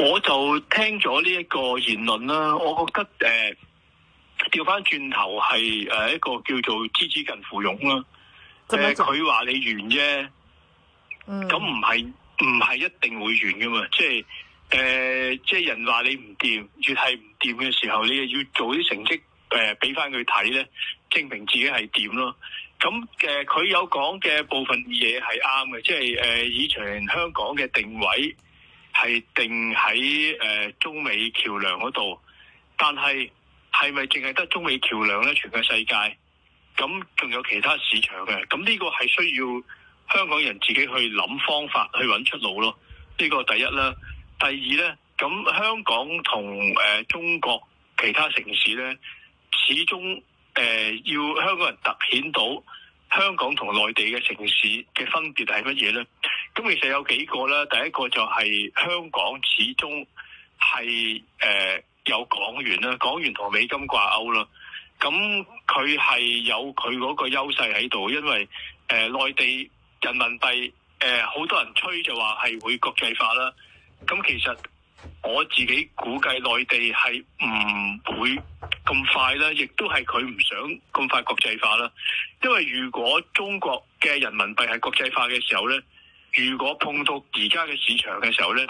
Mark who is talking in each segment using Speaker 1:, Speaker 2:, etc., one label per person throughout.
Speaker 1: 我就聽咗呢一個言論啦，我覺得誒，調翻轉頭係誒一個叫做知恥近乎勇啦。即係佢話你完啫。不是嗯。咁唔係唔係一定會完嘅嘛？即係誒、呃，即係人話你唔掂，越係唔掂嘅時候，你又要做啲成績誒，俾翻佢睇咧，證明自己係掂咯。咁誒，佢、呃、有講嘅部分嘢係啱嘅，即係誒、呃、以前香港嘅定位。係定喺誒中美橋梁嗰度，但係係咪淨係得中美橋梁咧？全個世界咁，仲有其他市場嘅，咁呢個係需要香港人自己去諗方法去揾出路咯。呢個第一啦，第二咧，咁香港同誒中國其他城市咧，始終誒、呃、要香港人突顯到香港同內地嘅城市嘅分別係乜嘢咧？咁其實有幾個啦，第一個就係香港始終係誒、呃、有港元啦，港元同美金掛鈎啦，咁佢係有佢嗰個優勢喺度，因為誒、呃、內地人民幣誒好、呃、多人吹就話係會國際化啦，咁其實我自己估計內地係唔會咁快啦，亦都係佢唔想咁快國際化啦，因為如果中國嘅人民幣係國際化嘅時候咧。如果碰到而家嘅市場嘅時候咧，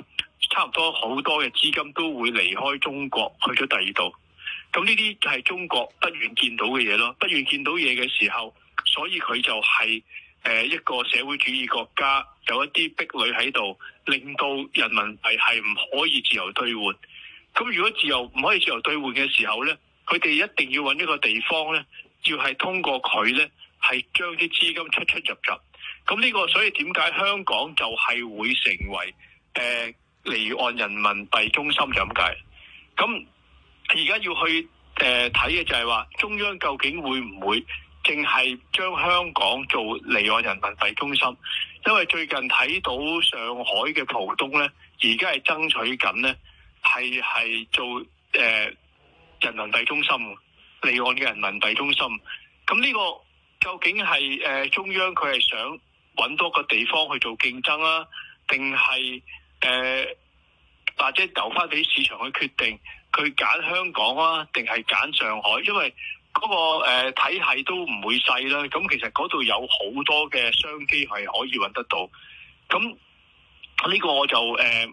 Speaker 1: 差唔多好多嘅資金都會離開中國去咗第二度。咁呢啲就係中國不願見到嘅嘢咯，不願見到嘢嘅時候，所以佢就係誒一個社會主義國家有一啲壁壘喺度，令到人民幣係唔可以自由兌換，咁如果自由唔可以自由兌換嘅時候咧，佢哋一定要揾一個地方咧，要係通過佢咧係將啲資金出出入入。咁呢個所以點解香港就係會成為誒、呃、離岸人民幣中心就咁解，咁而家要去誒睇嘅就係話中央究竟會唔會淨係將香港做離岸人民幣中心？因為最近睇到上海嘅浦東咧，而家係爭取緊咧，係係做誒、呃、人民幣中心、離岸嘅人民幣中心。咁呢個究竟係誒、呃、中央佢係想？揾多個地方去做競爭啦，定係誒，或者留翻俾市場去決定，佢揀香港啊，定係揀上海？因為嗰個誒體系都唔會細啦，咁其實嗰度有好多嘅商機係可以揾得到。咁呢個我就誒、呃、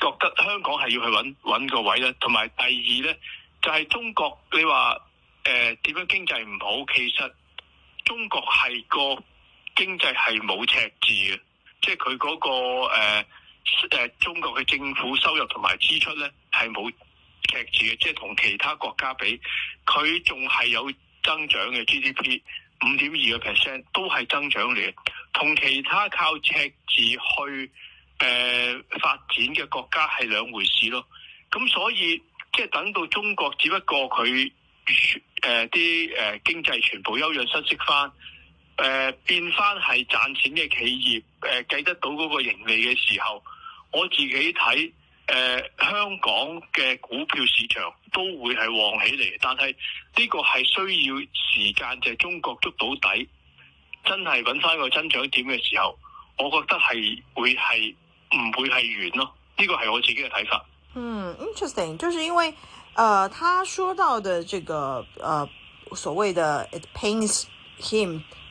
Speaker 1: 覺得香港係要去揾揾個位咧。同埋第二呢，就係、是、中國你，你話誒點樣經濟唔好？其實中國係個，經濟係冇赤字嘅，即係佢嗰個誒、呃、中國嘅政府收入同埋支出咧係冇赤字嘅，即係同其他國家比，佢仲係有增長嘅，GDP 五點二個 percent 都係增長嚟嘅，同其他靠赤字去誒、呃、發展嘅國家係兩回事咯。咁所以即係等到中國，只不過佢誒啲誒經濟全部休養生息翻。誒、呃、變翻係賺錢嘅企業，誒、呃、計得到嗰個盈利嘅時候，我自己睇誒、呃、香港嘅股票市場都會係旺起嚟。但係呢個係需要時間，就係、是、中國捉到底真係揾翻個增長點嘅時候，我覺得係會係唔會係遠咯？呢個係我自己嘅睇法。嗯
Speaker 2: ，interesting，就是因為誒、呃、他說到嘅這個誒、呃、所謂的 it pains him。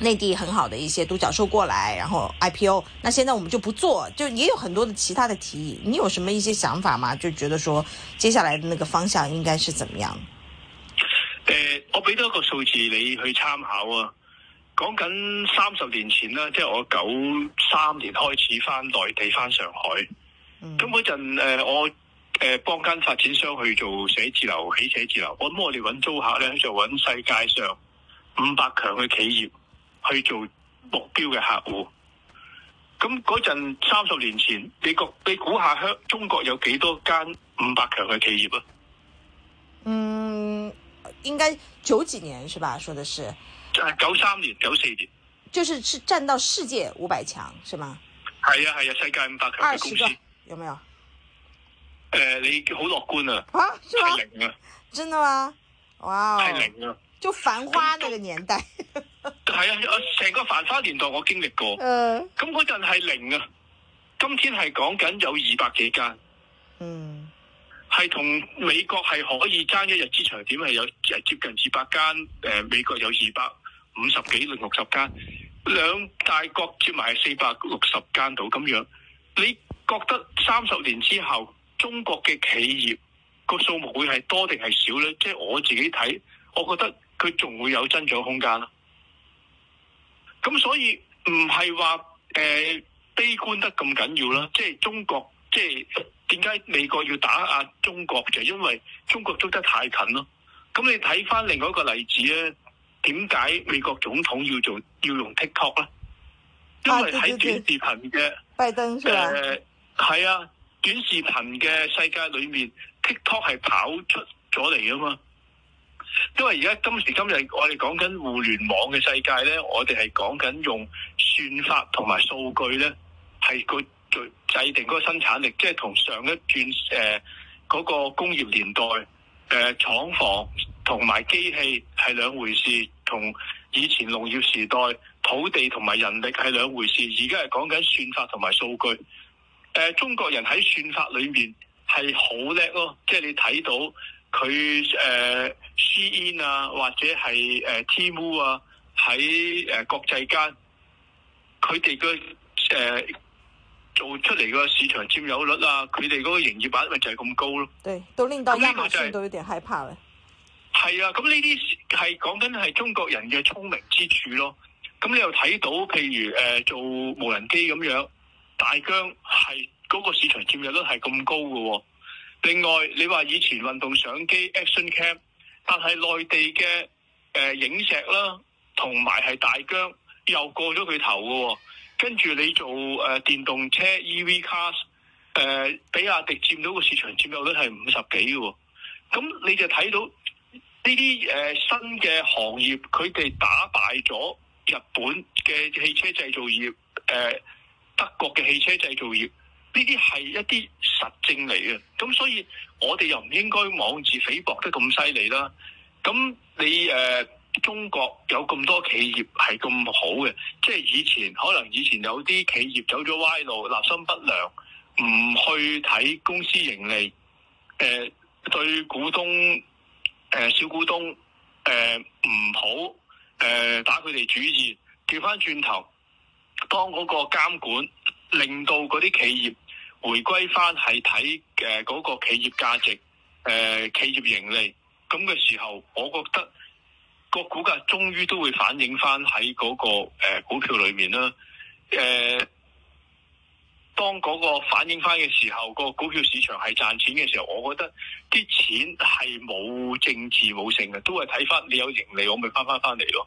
Speaker 2: 內地很好的一些獨角獸過來，然後 IPO，那現在我們就不做，就也有很多的其他的提議。你有什麼一些想法嗎？就覺得說接下來的那個方向應該是怎麼樣？
Speaker 1: 呃、我俾多一個數字你去參考啊。講緊三十年前啦，即係我九三年開始翻內地翻上海，咁嗰、嗯、陣、呃、我誒、呃、幫間發展商去做寫字樓起寫字樓，搵我哋搵租客呢，就搵世界上五百強嘅企業。去做目標嘅客戶，咁嗰陣三十年前，你覺你估下香中國有幾多間五百強嘅企業
Speaker 2: 啊？嗯，應該九幾年是吧？說的是，
Speaker 1: 誒，九三年、九四年，
Speaker 2: 就是是佔到世界五百強是嗎？
Speaker 1: 係啊係啊，世界五百強嘅公司，有沒有？誒、呃，你好樂觀啊！
Speaker 2: 啊，是嗎？是啊、真的嗎？哇、wow，係零啊！就繁花那個年代。
Speaker 1: 係啊，我成個繁花年代我經歷過，咁嗰陣係零啊，今天係講緊有二百幾間，係同、mm. 美國係可以爭一日之長，點係有接近二百間，誒，美國有二百五十幾零六十間，兩大國接埋四百六十間度咁樣。你覺得三十年之後中國嘅企業個數目會係多定係少呢？即、就、係、是、我自己睇，我覺得佢仲會有增長空間。咁所以唔係話，誒悲觀得咁緊要啦，即係中國，即係點解美國要打壓中國，就因為中國捉得太近咯。咁你睇翻另外一個例子咧，點解美國總統要做要用 TikTok 咧？因為喺短視頻嘅誒係啊，短視頻嘅世界裏面，TikTok 係跑出咗嚟啊嘛。因為而家今時今日，我哋講緊互聯網嘅世界咧，我哋係講緊用算法同埋數據咧，係佢制制定嗰個生產力，即係同上一轉誒嗰個工業年代誒廠房同埋機器係兩回事，同以前農業時代土地同埋人力係兩回事，而家係講緊算法同埋數據。誒，中國人喺算法裏面係好叻咯，即係你睇到。佢誒、呃、SHEIN 啊，或者係、呃、Temu 啊，喺誒、呃、國際間，佢哋嘅做出嚟個市場佔有率啊，佢哋嗰個營業額咪就係咁高咯。
Speaker 2: 對到令到亞馬遜都有點害怕咧。
Speaker 1: 係、就是、啊，咁呢啲係講緊係中國人嘅聰明之處咯。咁你又睇到，譬如、呃、做無人機咁樣，大疆係嗰、那個市場佔有率係咁高嘅喎。另外，你話以前運動相機 Action Cam，但係內地嘅誒影石啦，同埋係大疆又過咗佢頭嘅，跟住你做誒電動車 EV cars，誒比亞迪佔到個市場佔有率係五十幾嘅，咁你就睇到呢啲誒新嘅行業，佢哋打敗咗日本嘅汽車製造業，誒德國嘅汽車製造業。德國的汽車呢啲係一啲實證嚟嘅，咁所以我哋又唔應該妄自菲薄得咁犀利啦。咁你誒、呃，中國有咁多企業係咁好嘅，即係以前可能以前有啲企業走咗歪路，立心不良，唔去睇公司盈利，誒、呃，對股東，誒、呃，小股東，誒、呃，唔好，誒、呃，打佢哋主意。調翻轉頭，當嗰個監管令到嗰啲企業。回歸翻係睇，誒嗰個企業價值，誒企業盈利，咁嘅時候，我覺得個股價終於都會反映翻喺嗰個誒股票裏面啦。誒，當嗰個反映翻嘅時候，個股票市場係賺錢嘅時候，我覺得啲錢係冇政治冇性嘅，都係睇翻你有盈利，我咪翻翻翻嚟咯。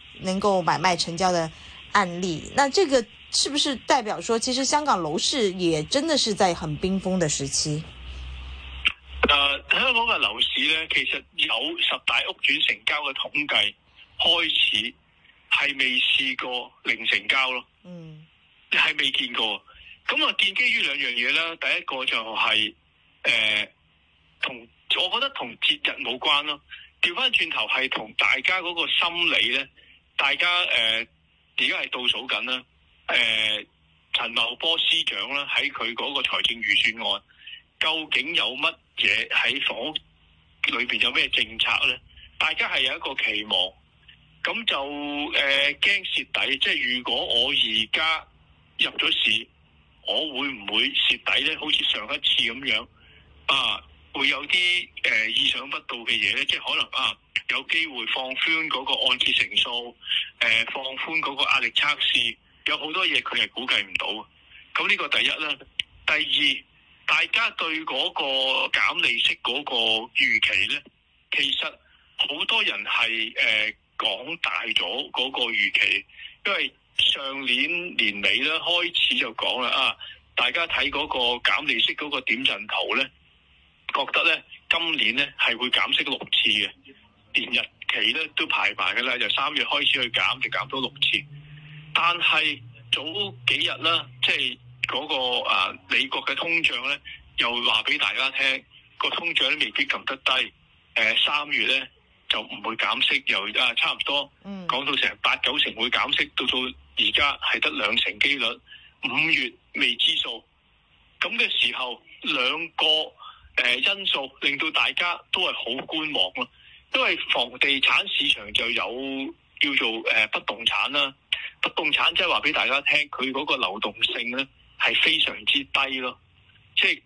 Speaker 2: 能夠買賣成交的案例，那這個是不是代表說，其實香港樓市也真的是在很冰封的時期？
Speaker 1: 誒，uh, 香港嘅樓市咧，其實有十大屋苑成交嘅統計，開始係未試過零成交咯，嗯，係未見過。咁啊，建基於兩樣嘢啦，第一個就係、是、誒、呃，同我覺得同節日冇關咯，調返轉頭係同大家嗰個心理咧。大家誒而家係倒數緊啦，誒陳茂波司長啦，喺佢嗰個財政預算案究竟有乜嘢喺房裏邊有咩政策咧？大家係有一個期望，咁就誒驚蝕底，即係如果我而家入咗市，我會唔會蝕底咧？好似上一次咁樣啊！會有啲誒意想不到嘅嘢咧，即係可能啊，有機會放寬嗰個按揭成數，放寬嗰個壓力測試，有好多嘢佢係估計唔到。咁呢個第一啦，第二大家對嗰個減利息嗰個預期咧，其實好多人係誒講大咗嗰個預期，因為上年年尾咧開始就講啦啊，大家睇嗰個減利息嗰個點陣圖咧。覺得咧今年咧係會減息六次嘅，連日期咧都排埋嘅啦，由三月開始去減，就減到六次。但係早幾日啦，即係嗰個、啊、美國嘅通脹咧，又話俾大家聽，個通脹都未必撳得低。誒、呃、三月咧就唔會減息，又啊差唔多、嗯、講到成八九成會減息，到到而家係得兩成機率，五月未知數。咁嘅時候兩個。誒、因素令到大家都係好觀望咯，因為房地產市場就有叫做誒不動產啦，不動產即係話俾大家聽，佢嗰個流動性咧係非常之低咯，即係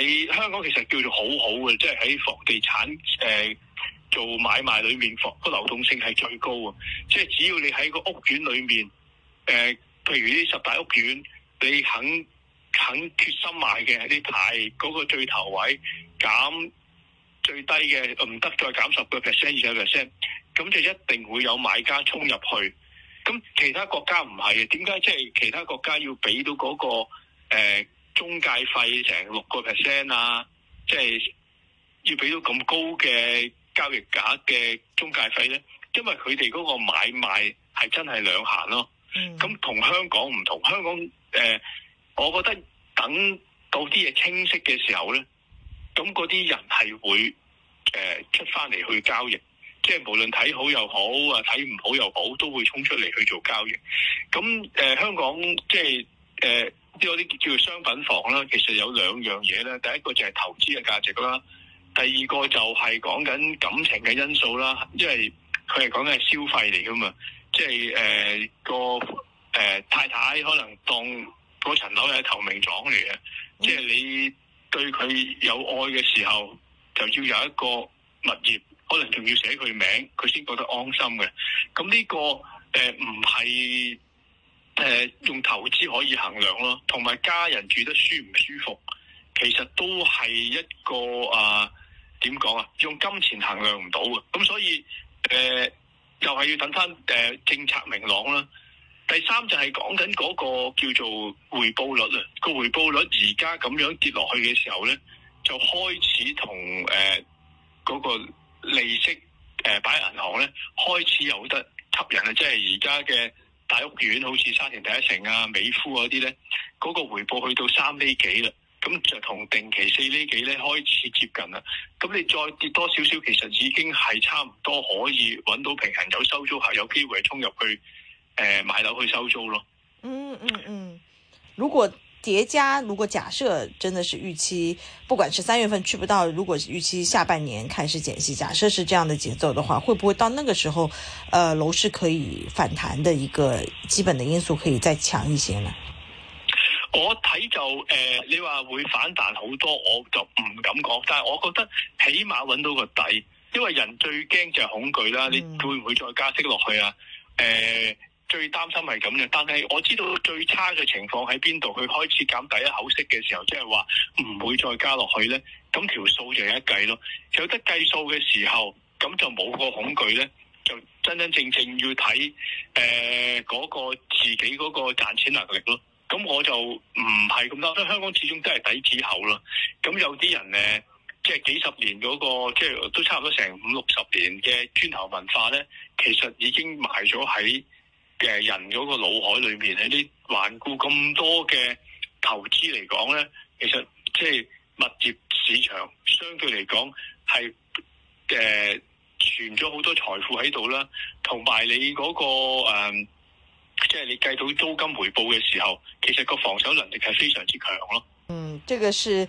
Speaker 1: 你香港其實叫做好好嘅，即係喺房地產誒做買賣裏面房個流動性係最高啊，即係只要你喺個屋苑裏面誒，譬如呢十大屋苑，你肯肯決心買嘅啲牌嗰個最頭位減最低嘅唔得再減十個 percent 以上 percent，咁就一定會有買家衝入去。咁其他國家唔係嘅，點解即係其他國家要俾到嗰、那個、呃、中介費成六個 percent 啊？即、就、係、是、要俾到咁高嘅交易價嘅中介費咧？因為佢哋嗰個買賣係真係兩間咯。咁同、嗯、香港唔同，香港誒。呃我覺得等到啲嘢清晰嘅時候咧，咁嗰啲人係會誒出翻嚟去交易，即係無論睇好又好啊，睇唔好又好，都會衝出嚟去做交易。咁誒香港即係誒啲嗰啲叫商品房啦，其實有兩樣嘢咧。第一個就係投資嘅價值啦，第二個就係講緊感情嘅因素啦，因為佢係講緊係消費嚟噶嘛，即係誒個誒太太可能當。嗰層樓係投名狀嚟嘅，即、就、係、是、你對佢有愛嘅時候，就要有一個物業，可能仲要寫佢名，佢先覺得安心嘅。咁呢、這個誒唔係誒用投資可以衡量咯，同埋家人住得舒唔舒服，其實都係一個啊點講啊，用金錢衡量唔到嘅。咁所以誒、呃，就係、是、要等翻誒、呃、政策明朗啦。第三就係講緊嗰個叫做回報率啊，個回報率而家咁樣跌落去嘅時候咧，就開始同誒嗰個利息誒擺喺銀行咧，開始有得吸引啊！即係而家嘅大屋苑，好似沙田第一城啊、美孚嗰啲咧，嗰個回報去到三厘幾啦，咁就同定期四厘幾咧開始接近啦。咁你再跌多少少，其實已經係差唔多可以揾到平衡，有收租客有機會係衝入去。誒、呃，買樓去收租咯。嗯嗯
Speaker 2: 嗯，如果疊加，如果假設真的是預期，不管是三月份去不到，如果預期下半年開始減息，假設是這樣的節奏的話，會不會到那個時候，呃，樓市可以反彈的一個基本的因素可以再強一些呢？我睇就誒、呃，
Speaker 1: 你話會反彈好多，我就唔敢講。但係我覺得起碼揾到個底，因為人最驚就係恐懼啦。嗯、你會唔會再加息落去啊？誒、呃？最擔心係咁嘅，但係我知道最差嘅情況喺邊度？佢開始減第一口息嘅時候，即係話唔會再加落去呢，咁條數就一計咯。有得計數嘅時候，咁就冇個恐懼呢就真真正正，正要睇誒嗰個自己嗰個賺錢能力咯。咁我就唔係咁多，香港始終都係底子厚啦。咁有啲人咧，即係幾十年嗰、那個即係都差唔多成五六十年嘅磚頭文化呢，其實已經埋咗喺嘅人嗰個腦海裏面喺啲環顧咁多嘅投資嚟講咧，其實即係物業市場相對嚟講，係誒、呃、存咗好多財富喺度啦，同埋你嗰、那個誒即係你計到租金回報嘅時候，其實個防守能力係非常之強咯。嗯，
Speaker 2: 這個是。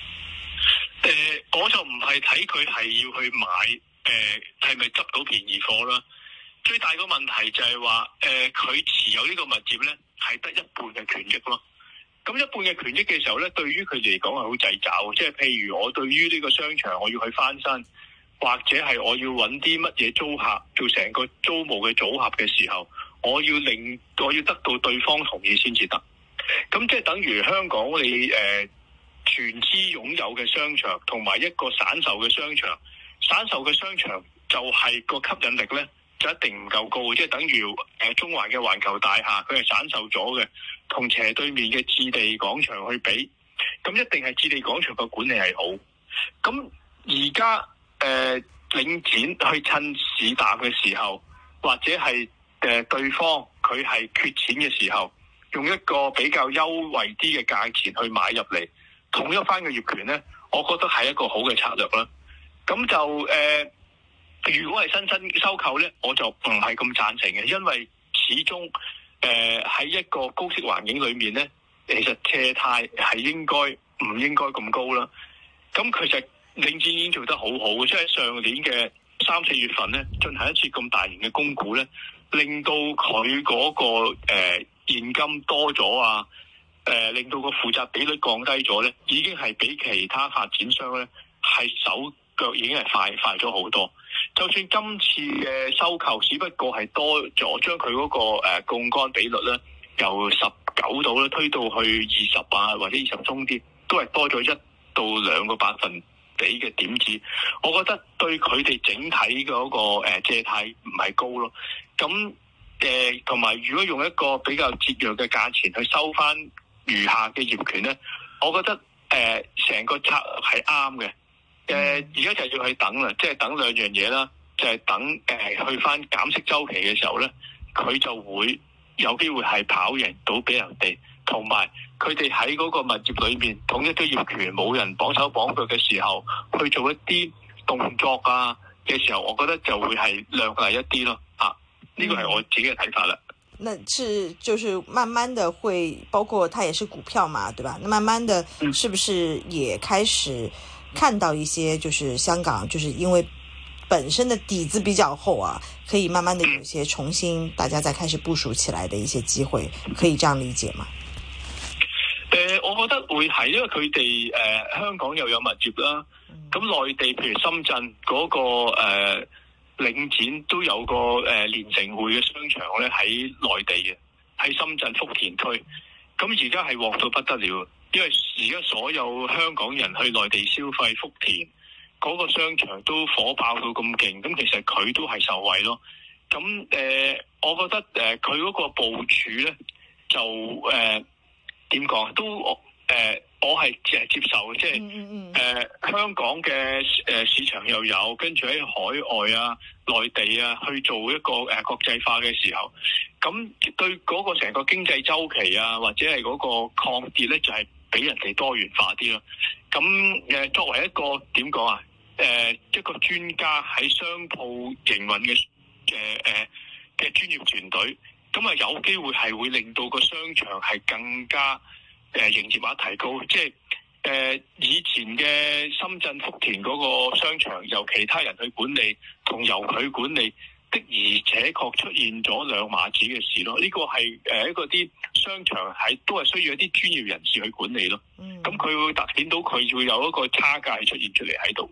Speaker 1: 誒、呃，我就唔係睇佢係要去買，誒係咪執到便宜貨啦？最大個問題就係話，誒、呃、佢持有呢個物業咧，係得一半嘅權益咯。咁一半嘅權益嘅時候咧，對於佢嚟講係好掣肘，即係譬如我對於呢個商場，我要去翻身，或者係我要揾啲乜嘢租客，做成個租務嘅組合嘅時候，我要令我要得到對方同意先至得。咁即係等於香港你誒。呃全資擁有嘅商場同埋一個散售嘅商場，散售嘅商場就係個吸引力呢，就一定唔夠高，即係等於誒中環嘅環球大廈，佢係散售咗嘅，同斜對面嘅置地廣場去比，咁一定係置地廣場個管理係好。咁而家誒領錢去趁市淡嘅時候，或者係誒對方佢係缺錢嘅時候，用一個比較優惠啲嘅價錢去買入嚟。統一翻嘅業權咧，我覺得係一個好嘅策略啦。咁就誒、呃，如果係新新收購咧，我就唔係咁贊成嘅，因為始終誒喺、呃、一個高息環境裏面咧，其實借貸係應該唔應該咁高啦。咁其實領展已經做得好好嘅，即係上年嘅三四月份咧，進行一次咁大型嘅供股咧，令到佢嗰、嗰個誒、呃、現金多咗啊！誒令到個負債比率降低咗咧，已經係比其他發展商咧係手腳已經係快快咗好多。就算今次嘅收購，只不過係多咗將佢嗰個誒槓桿比率咧由十九度咧推到去二十啊，或者二十中啲，都係多咗一到兩個百分比嘅點子。我覺得對佢哋整體嘅嗰個借貸唔係高咯。咁誒同埋，如果用一個比較節約嘅價錢去收翻，餘下嘅業權呢，我覺得誒成、呃、個策略係啱嘅。誒而家就要去等啦，即、就、係、是、等兩樣嘢啦，就係、是、等誒、呃、去翻減息週期嘅時候呢，佢就會有機會係跑贏到俾人哋，同埋佢哋喺嗰個物業裏面統一啲業權，冇人綁手綁腳嘅時候，去做一啲動作啊嘅時候，我覺得就會係量大一啲咯。啊，呢個係我自己嘅睇法啦。
Speaker 2: 那是就是慢慢的會，包括它也是股票嘛，對吧？那慢慢的是不是也開始看到一些，就是香港就是因為本身的底子比較厚啊，可以慢慢的有些重新大家再開始部署起來的一些機會，可以這樣理解嗎？
Speaker 1: 誒，我覺得會係，因為佢哋誒香港又有物業啦，咁內地譬如深圳嗰個誒。呃領展都有個誒連城匯嘅商場咧喺內地嘅，喺深圳福田區。咁而家係旺到不得了，因為而家所有香港人去內地消費，福田嗰、那個商場都火爆到咁勁。咁其實佢都係受惠咯。咁誒、呃，我覺得誒佢嗰個部署咧，就誒點講都誒。呃我係接接受，即係誒香港嘅市場又有，跟住喺海外啊、內地啊去做一個誒國際化嘅時候，咁對嗰個成個經濟周期啊，或者係嗰個抗跌咧，就係比人哋多元化啲咯。咁誒作為一個點講啊，誒一個專家喺商鋪營運嘅誒誒嘅專業團隊，咁啊有機會係會令到個商場係更加。誒營業額提高，即係誒、呃、以前嘅深圳福田嗰個商場由其他人去管理，同由佢管理的而且確出現咗兩碼子嘅事咯。呢、這個係誒一個啲商場係都係需要一啲專業人士去管理咯。咁佢、嗯、會突顯到佢會有一個差價係出現出嚟喺度。